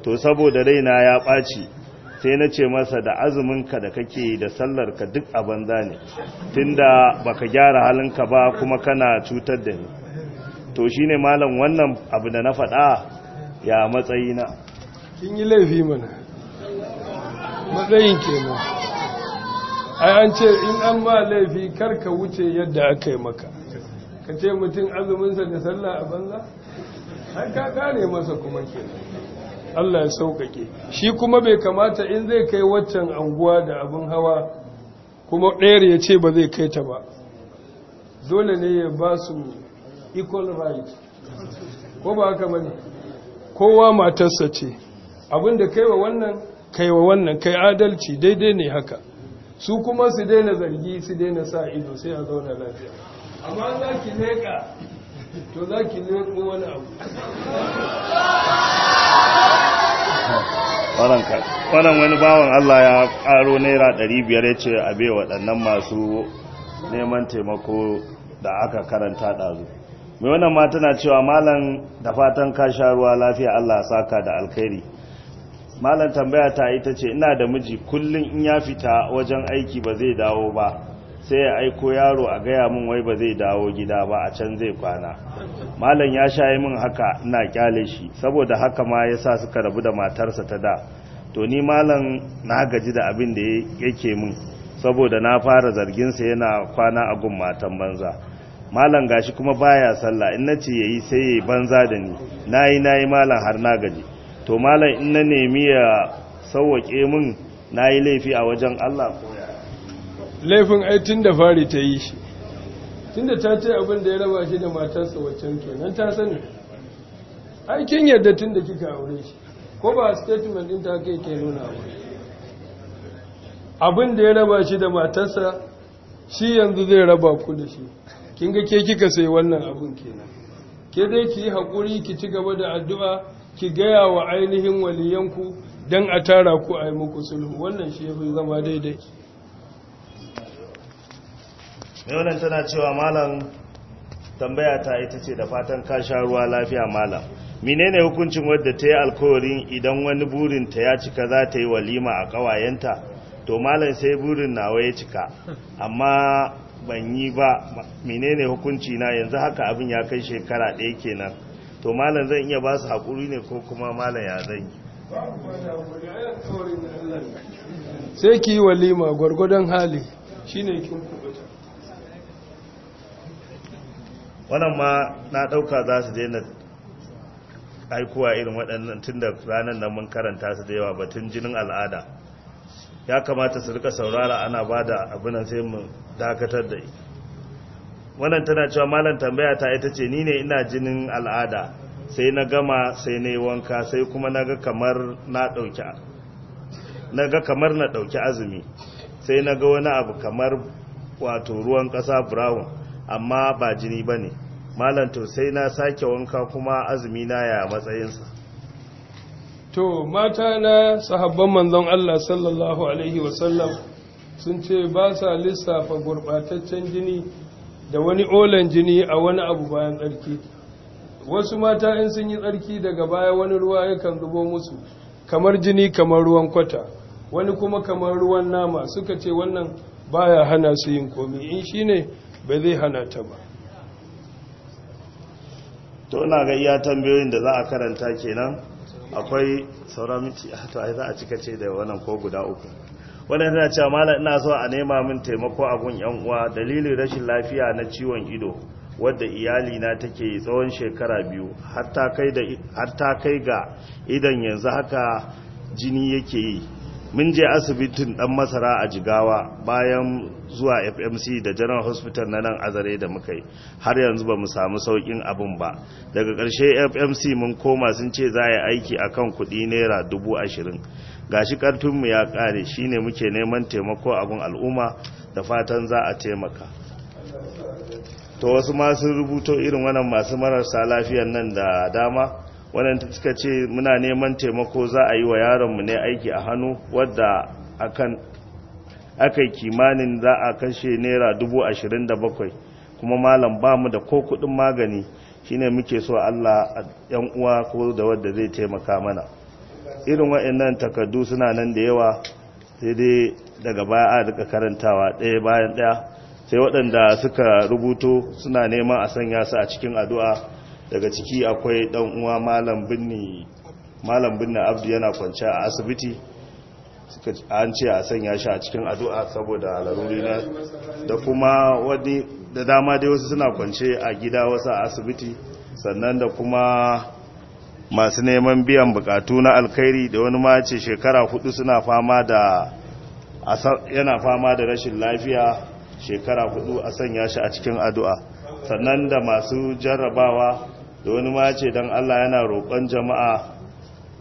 S4: to saboda raina ya ɓaci sai na ce masa da azuminka da kake da sallarka duk a banza ne tunda baka gyara halinka ba kuma kana cutar da ni to shine malam wannan abu da na faɗa ya matsayi na.
S1: kin yi laifi mana
S3: matsayin kenan ai an ce in an
S1: ma laifi karka wuce yadda aka yi maka ka ce mutum azuminsa da sallah a banza har ka kare masa kuma kenan Allah ya sauƙaƙe shi kuma bai kamata in zai kai waccan anguwa da abin hawa kuma ɗayar ya ce ba zai kai ta ba dole ne ya ba su equal right ko ba haka ne? kowa matarsa ce abinda wa wannan Kai wa wannan kai adalci daidai ne haka su kuma su daina zargi su daina sa ido sai a zauna lafiya amma za ki leƙa to za ki leƙo wani abu
S4: wannan wani bawan Allah ya karo naira 500 ya ce a bai waɗannan masu neman taimako da aka karanta ɗazu mai wannan ma tana cewa malam da fatan ka sha ruwa lafiya Allah saka da alkhairi malam tambaya ta ita ce ina da miji kullum in ya fita wajen aiki ba zai dawo ba sai ya aiko yaro a gaya mun wai ba zai dawo gida ba a can zai kwana malam ya shayi min haka ina kyale shi saboda haka ma ya sa suka rabu da matarsa ta da to ni malam na gaji da abin da yake min saboda na fara zarginsa yana kwana a gun matan banza malam gashi kuma baya sallah in na ce yayi sai yayi banza da ni nayi nayi malam har na gaji to malam in na nemi ya sauwake mun nayi laifi a wajen Allah ko
S1: laifin ai tun da fari ta yi shi tun da ta ce abin da ya raba shi da matarsa waccan kenan ta sani aikin yadda tun da kika aure shi ko ba statement din ta kai ke nuna ba abin da ya raba shi da matarsa shi yanzu zai raba ku da shi kin ga ke kika sai wannan abin kenan ke dai ki yi haƙuri ki ci gaba da addu'a ki gaya wa ainihin waliyanku don a tara ku a yi muku sulhu wannan shi ya fi zama daidai
S4: mai wannan tana cewa malam tambaya ta ita ce da fatan kasha ruwa lafiya malam menene hukuncin wadda ta yi alkawarin idan wani burinta ya cika za ta yi walima a kawayenta to malam sai burin nawa ya cika amma ban yi ba menene hukunci na yanzu haka abin ya kai shekara ɗaya kenan to malam zan iya ba su haƙuri ne ko kuma malam ya zan yi sai
S1: ki yi walima gwargwadon hali shine kin kubuta
S4: wannan ma na ɗauka za su daina aikuwa irin waɗannan tun da ranar nan mun karanta su da yawa batun jinin al'ada ya kamata su rika saurara ana ba da abinan sai mu dakatar da wannan tana cewa malam tambaya ta ita ce ni ne ina jinin al'ada sai na gama sai na yi wanka sai kuma na ga kamar na ɗauki na ga kamar na ɗauki azumi sai na ga wani abu kamar wato ruwan ƙasa brown amma ba jini ba ne malam to sai na sake wanka kuma azumi na ya matsayinsa to mata na sahabban manzon Allah sallallahu alaihi wasallam
S1: sun ce ba sa lissafa gurbataccen jini da wani olan jini a wani abu bayan tsarki wasu mata in sun yi tsarki daga baya wani ruwa yakan zubo musu kamar jini kamar ruwan kwata wani kuma kamar ruwan nama suka ce wannan baya hana su yin komi in shine bai zai hana ta ba
S4: to ina ga iya tambayoyin da za a karanta kenan akwai sauran minti to ai za a cika ce da wannan ko guda uku wannan yana cewa mallam ina so a nema min taimako a gun yan uwa dalilin rashin lafiya na ciwon ido wadda iyali na take tsawon shekara biyu har ta kai ga idan yanzu haka jini yake yi mun je asibitin dan masara a jigawa bayan zuwa fmc da general hospital na nan azare da muka yi har yanzu ba mu samu saukin abin ba daga ƙarshe fmc mun koma sun ce za a yi aiki a kan kuɗi naira dubu ashirin gashi ƙarfinmu ya ƙare shine muke neman taimako abin al'umma da fatan za a taimaka to wasu masu rubuto irin wannan masu marasa lafiyan nan da dama waɗanda suka ce muna neman taimako za a yi wa yaronmu ne aiki a hannu wadda akan yi kimanin za a kashe naira dubu ashirin da bakwai kuma malam ba mu da ko kudin magani shine muke so allah a yan uwa ko da wadda zai taimaka mana irin waɗannan takardu suna nan da yawa sai dai daga baya a rika karantawa ɗaya bayan ɗaya sai waɗanda suka rubuto suna neman a sanya su a cikin addu'a daga ciki akwai dan uwa malam binni malam binni abdu yana kwance a asibiti an ce a sanya shi a cikin addu'a saboda laruri na da kuma wani da dama dai wasu suna kwance a gida wasu a asibiti sannan da kuma masu neman biyan bukatu na alkhairi da wani ma ce shekara hudu suna fama da yana fama da rashin lafiya shekara hudu a sanya shi a cikin addu'a sannan da masu jarrabawa da wani ma ce don Allah yana roƙon jama'a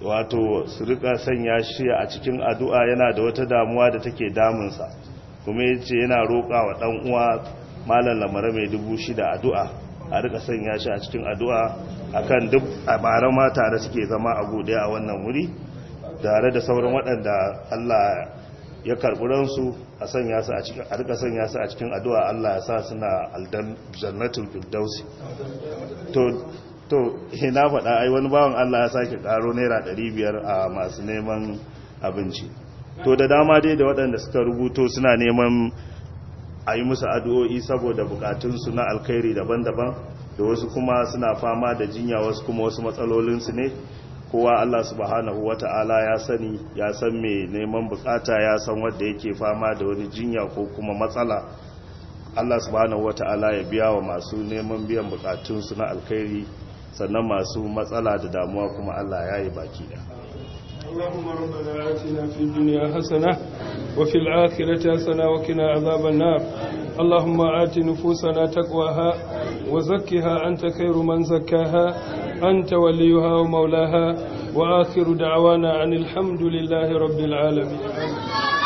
S4: wato su rika sanya shi a cikin addu'a yana da wata damuwa da take damunsa kuma ya ce yana roƙa wa ɗan'uwa uwa malar lamar mai dubu shida addu'a a rika sanya shi a cikin addu'a A kan duk abara ma tare suke zama a gode a wannan wuri tare da sauran waɗanda Allah ya karɓi ransu a a rika sanya su a cikin addu'a Allah ya sa suna aldan Jannatin to na faɗa ai wani bawan Allah ya sake karo naira ɗari biyar a masu neman abinci to da dama dai da waɗanda suka rubuto suna neman a yi musu addu'o'i saboda bukatunsu na alkhairi daban-daban da wasu kuma suna fama da jinya wasu kuma wasu matsalolinsu ne kowa Allah subhanahu wata'ala ya sani ya san mai neman bukata ya san wadda yake fama da wani jinya ko kuma matsala Allah subhanahu wata'ala ya biya wa masu neman biyan bukatunsu na alkhairi sannan masu matsala da damuwa kuma Allah ya yi baki da hasana wa fil akhirati hasana
S1: wa qina adhaban nar Allahumma ati wa zakkiha anta khayru man zakkaha anta waliyuha wa mawlaha wa akhiru da'wana anil hamdulillahi rabbil alamin